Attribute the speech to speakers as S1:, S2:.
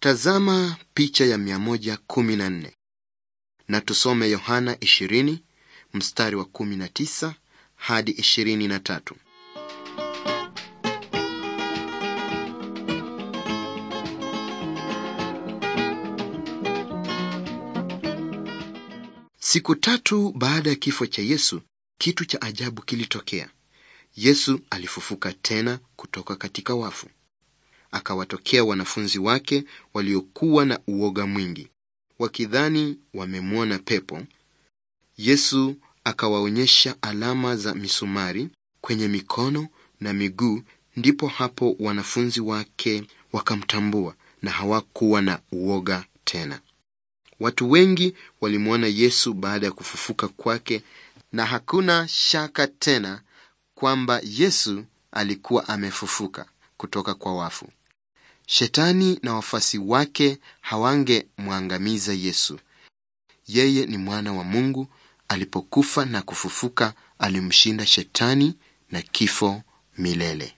S1: Tazama picha ya 114 na tusome Yohana 20 mstari wa 19 hadi 23. Siku tatu baada ya kifo cha Yesu, kitu cha ajabu kilitokea. Yesu alifufuka tena kutoka katika wafu akawatokea wanafunzi wake waliokuwa na uoga mwingi, wakidhani wamemwona pepo. Yesu akawaonyesha alama za misumari kwenye mikono na miguu, ndipo hapo wanafunzi wake wakamtambua na hawakuwa na uoga tena. Watu wengi walimwona Yesu baada ya kufufuka kwake, na hakuna shaka tena kwamba Yesu alikuwa amefufuka kutoka kwa wafu. Shetani na wafuasi wake hawangemwangamiza Yesu. Yeye ni mwana wa Mungu. Alipokufa na kufufuka, alimshinda shetani na kifo milele.